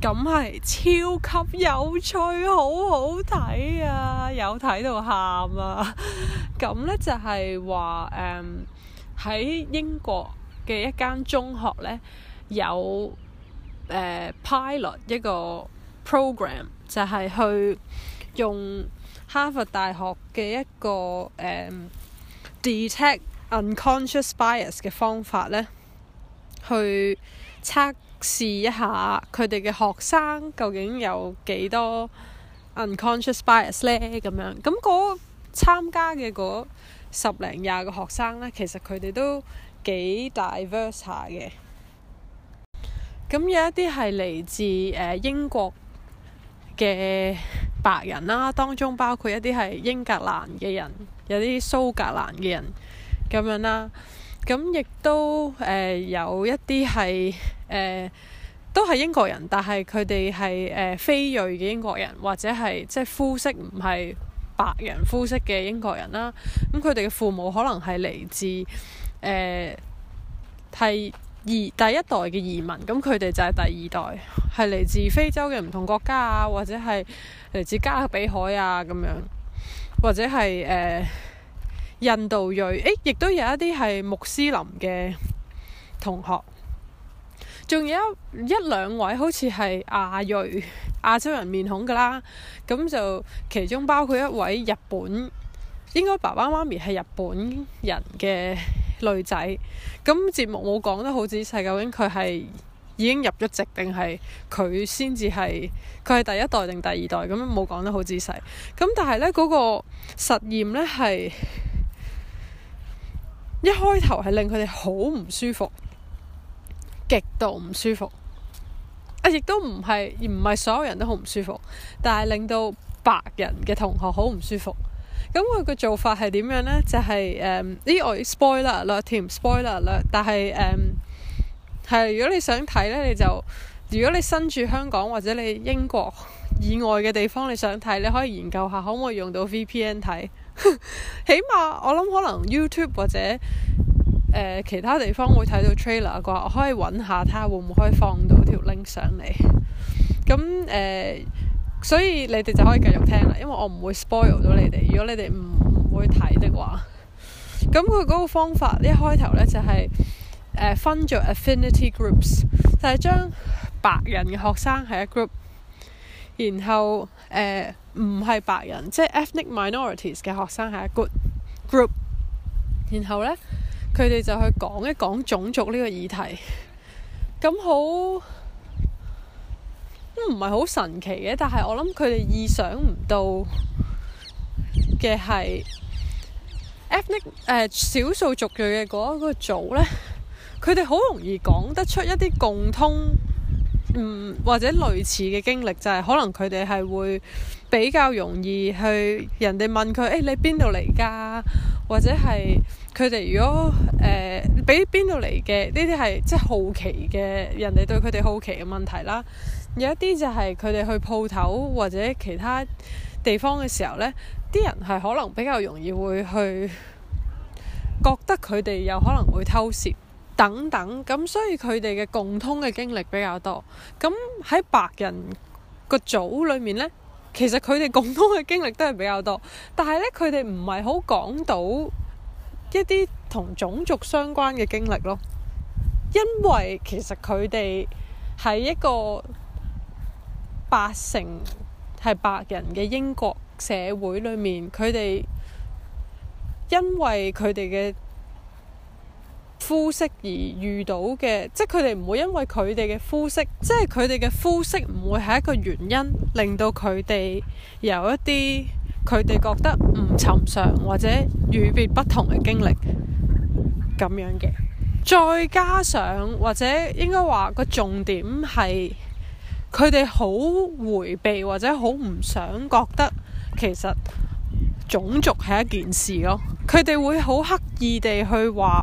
咁係超級有趣，好好睇啊！有睇到喊啊！咁 咧就係話誒喺英國嘅一間中學咧，有誒、uh, pilot 一個 program，就係去用哈佛大學嘅一個誒、um, detect unconscious bias 嘅方法咧去測。試一下佢哋嘅學生究竟有幾多 unconscious bias 咧？咁樣咁嗰參加嘅嗰十零廿個學生呢，其實佢哋都幾 diverse 嘅。咁有一啲係嚟自誒、呃、英國嘅白人啦，當中包括一啲係英格蘭嘅人，有啲蘇格蘭嘅人咁樣啦。咁亦都誒、呃、有一啲係誒都係英國人，但係佢哋係誒非裔嘅英國人，或者係即係膚色唔係白人膚色嘅英國人啦。咁佢哋嘅父母可能係嚟自誒係二第一代嘅移民，咁佢哋就係第二代，係嚟自非洲嘅唔同國家啊，或者係嚟自加勒比海啊咁樣，或者係誒。印度裔，誒、欸，亦都有一啲係穆斯林嘅同學，仲有一一兩位好似係亞裔亞洲人面孔㗎啦。咁就其中包括一位日本，應該爸爸媽咪係日本人嘅女仔。咁節目冇講得好仔細，究竟佢係已經入咗籍定係佢先至係佢係第一代定第二代？咁冇講得好仔細。咁但係呢嗰、嗰個實驗呢係。一開頭係令佢哋好唔舒服，極度唔舒服。啊，亦都唔係，唔係所有人都好唔舒服，但係令到白人嘅同學好唔舒服。咁佢嘅做法係點樣呢？就係誒呢，我 spoiler 啦，甜 spoiler 啦。但係誒，係、um, 如果你想睇呢，你就如果你身住身處香港或者你英國以外嘅地方，你想睇，你可以研究下可唔可以用到 VPN 睇。 起碼我諗可能 YouTube 或者誒、呃、其他地方會睇到 trailer 嘅話，我可以搵下睇下會唔會可以放到條 link 上嚟。咁誒、呃，所以你哋就可以繼續聽啦，因為我唔會 spoil 到你哋。如果你哋唔唔會睇嘅話，咁佢嗰個方法一開頭呢就係、是、誒、呃、分著 affinity groups，就係將白人嘅學生喺一 group，然後誒。呃唔係白人，即係 ethnic minorities 嘅學生係一個 group，然後呢，佢哋就去講一講種族呢個議題，咁好都唔係好神奇嘅，但係我諗佢哋意想唔到嘅係 ethnic 誒、呃、少數族裔嘅嗰一個組呢，佢哋好容易講得出一啲共通。嗯，或者類似嘅經歷就係、是，可能佢哋係會比較容易去人哋問佢，誒、欸、你邊度嚟㗎？或者係佢哋如果誒、呃、比邊度嚟嘅呢啲係即係好奇嘅人哋對佢哋好奇嘅問題啦。有一啲就係佢哋去鋪頭或者其他地方嘅時候，呢啲人係可能比較容易會去覺得佢哋有可能會偷竊。等等，咁所以佢哋嘅共通嘅經歷比較多。咁喺白人個組裏面咧，其實佢哋共通嘅經歷都係比較多，但係咧佢哋唔係好講到一啲同種族相關嘅經歷咯，因為其實佢哋喺一個八成係白人嘅英國社會裏面，佢哋因為佢哋嘅膚色而遇到嘅，即係佢哋唔會因為佢哋嘅膚色，即係佢哋嘅膚色唔會係一個原因，令到佢哋有一啲佢哋覺得唔尋常或者與別不同嘅經歷咁樣嘅。再加上或者應該話個重點係佢哋好回避或者好唔想覺得其實種族係一件事咯。佢哋會好刻意地去話。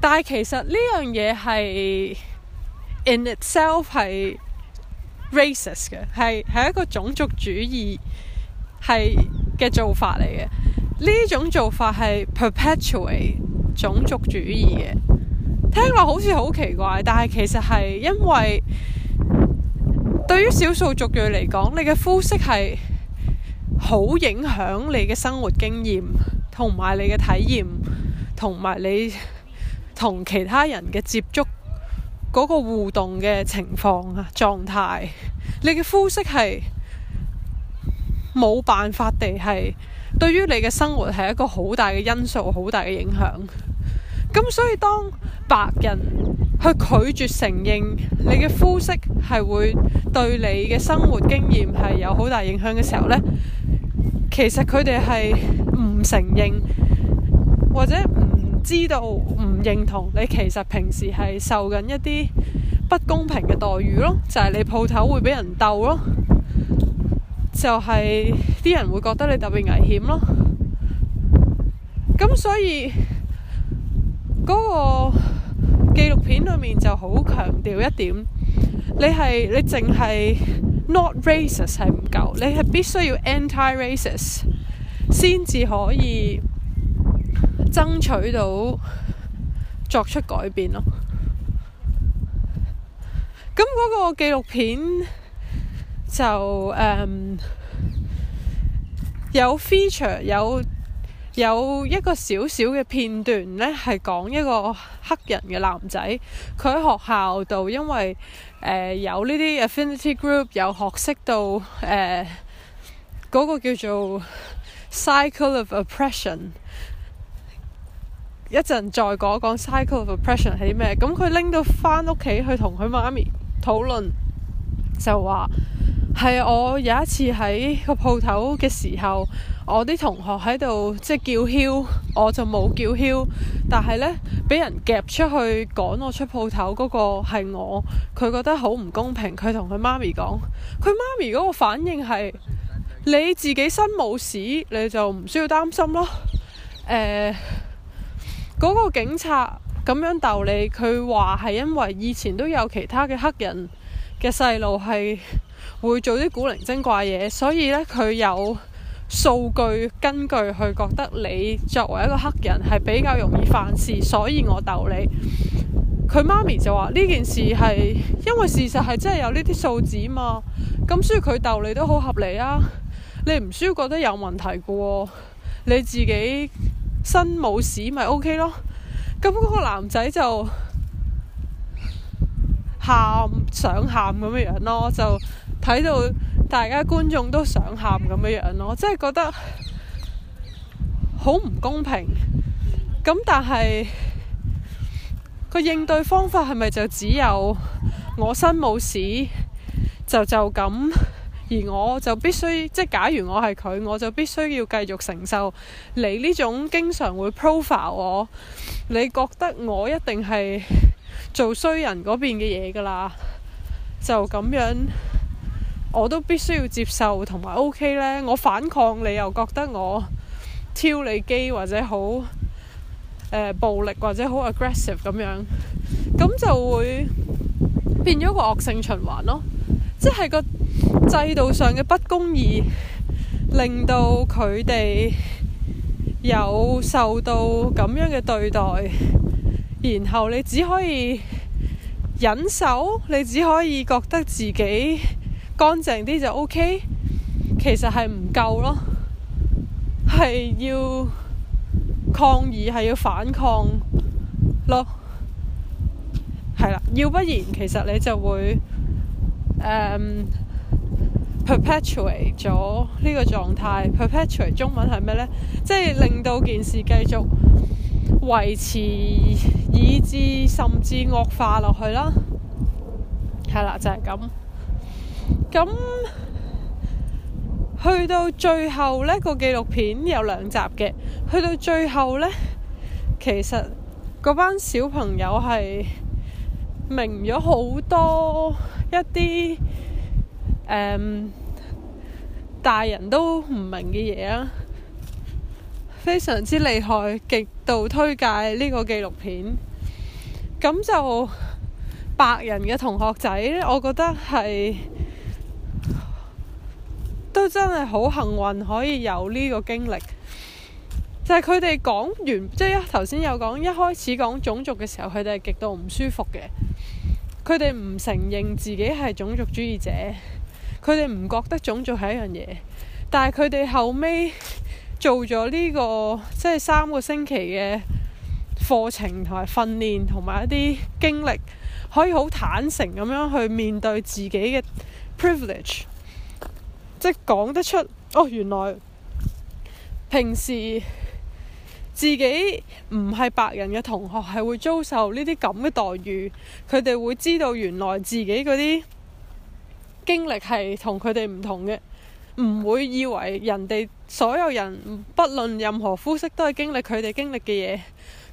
但係其實呢樣嘢係 in itself 係 racist 嘅，係係一個種族主義係嘅做法嚟嘅。呢種做法係 perpetuate 種族主義嘅。聽落好似好奇怪，但係其實係因為對於少數族裔嚟講，你嘅膚色係好影響你嘅生活經驗，同埋你嘅體驗，同埋你。同其他人嘅接觸嗰個互動嘅情況啊、狀態，你嘅膚色係冇辦法地係對於你嘅生活係一個好大嘅因素、好大嘅影響。咁所以當白人去拒絕承認你嘅膚色係會對你嘅生活經驗係有好大影響嘅時候咧，其實佢哋係唔承認或者。知道唔認同你，其實平時係受緊一啲不公平嘅待遇咯，就係你鋪頭會俾人鬥咯，就係啲人會覺得你特別危險咯。咁所以嗰個紀錄片裏面就好強調一點，你係你淨係 not racist 係唔夠，你係必須要 anti racist 先至可以。爭取到作出改變咯。咁嗰個紀錄片就誒、嗯、有 feature 有有一個小小嘅片段咧，係講一個黑人嘅男仔，佢喺學校度，因為誒、呃、有呢啲 affinity group，有學識到誒嗰、呃嗰個叫做 cycle of oppression。一陣再講講 cycle of oppression 係啲咩？咁佢拎到翻屋企去同佢媽咪討論，就話係我有一次喺個鋪頭嘅時候，我啲同學喺度即係叫囂，我就冇叫囂，但係呢，俾人夾出去趕我出鋪頭嗰個係我，佢覺得好唔公平。佢同佢媽咪講，佢媽咪嗰個反應係你自己身冇事，你就唔需要擔心咯。誒、呃。嗰個警察咁樣逗你，佢話係因為以前都有其他嘅黑人嘅細路係會做啲古靈精怪嘢，所以咧佢有數據根據去覺得你作為一個黑人係比較容易犯事，所以我逗你。佢媽咪就話呢件事係因為事實係真係有呢啲數字嘛，咁所以佢逗你都好合理啊，你唔需要覺得有問題噶喎，你自己。身冇屎咪 OK 咯，咁嗰個男仔就喊想喊咁嘅樣咯，就睇到大家觀眾都想喊咁嘅樣咯，即係覺得好唔公平。咁但係個應對方法係咪就只有我身冇屎就就咁？而我就必須即係，假如我係佢，我就必須要繼續承受你呢種經常會 profile 我。你覺得我一定係做衰人嗰邊嘅嘢㗎啦，就咁樣我都必須要接受同埋 OK 咧。我反抗你又覺得我挑你機或者好、呃、暴力或者好 aggressive 咁樣，咁就會變咗個惡性循環咯。即係個制度上嘅不公義，令到佢哋有受到咁樣嘅對待，然後你只可以忍受，你只可以覺得自己乾淨啲就 OK，其實係唔夠咯，係要抗議，係要反抗咯，係啦，要不然其實你就會。誒，um，perpetuate 咗呢個狀態，perpetuate 中文係咩呢？即係令到件事繼續維持，以至甚至惡化落去啦。係啦，就係咁。咁去到最後，呢個紀錄片有兩集嘅。去到最後呢，其實嗰班小朋友係，明咗好多一啲誒、嗯、大人都唔明嘅嘢啦，非常之厲害，極度推介呢個紀錄片。咁就白人嘅同學仔，我覺得係都真係好幸運，可以有呢個經歷。就係佢哋講完，即係一頭先有講一開始講種族嘅時候，佢哋係極度唔舒服嘅。佢哋唔承認自己係種族主義者，佢哋唔覺得種族係一樣嘢。但係佢哋後尾做咗呢個即係三個星期嘅課程同埋訓練，同埋一啲經歷，可以好坦誠咁樣去面對自己嘅 privilege，即係講得出哦，原來平時，自己唔係白人嘅同學係會遭受呢啲咁嘅待遇，佢哋會知道原來自己嗰啲經歷係同佢哋唔同嘅，唔會以為人哋所有人不論任何膚色都係經歷佢哋經歷嘅嘢，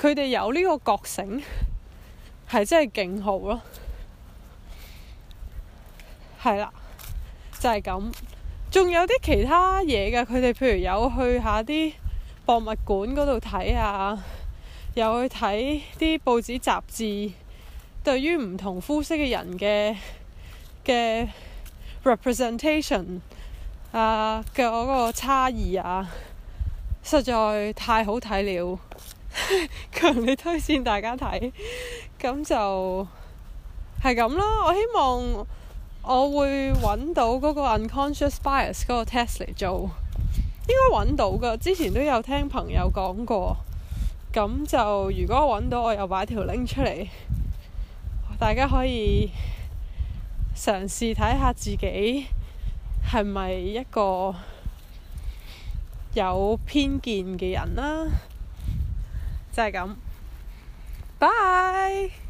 佢哋有呢個覺醒係真係勁好咯，係啦，就係咁，仲有啲其他嘢㗎，佢哋譬如有去下啲。博物館嗰度睇啊，又去睇啲報紙雜誌，對於唔同膚色嘅人嘅嘅 representation 啊嘅嗰個差異啊，實在太好睇了， 強烈推薦大家睇。咁 就係咁啦，我希望我會揾到嗰個 unconscious bias 嗰個 test 嚟做。應該揾到噶，之前都有聽朋友講過。咁就如果揾到，我又擺條 link 出嚟，大家可以嘗試睇下自己係咪一個有偏見嘅人啦，啊。就係咁，bye。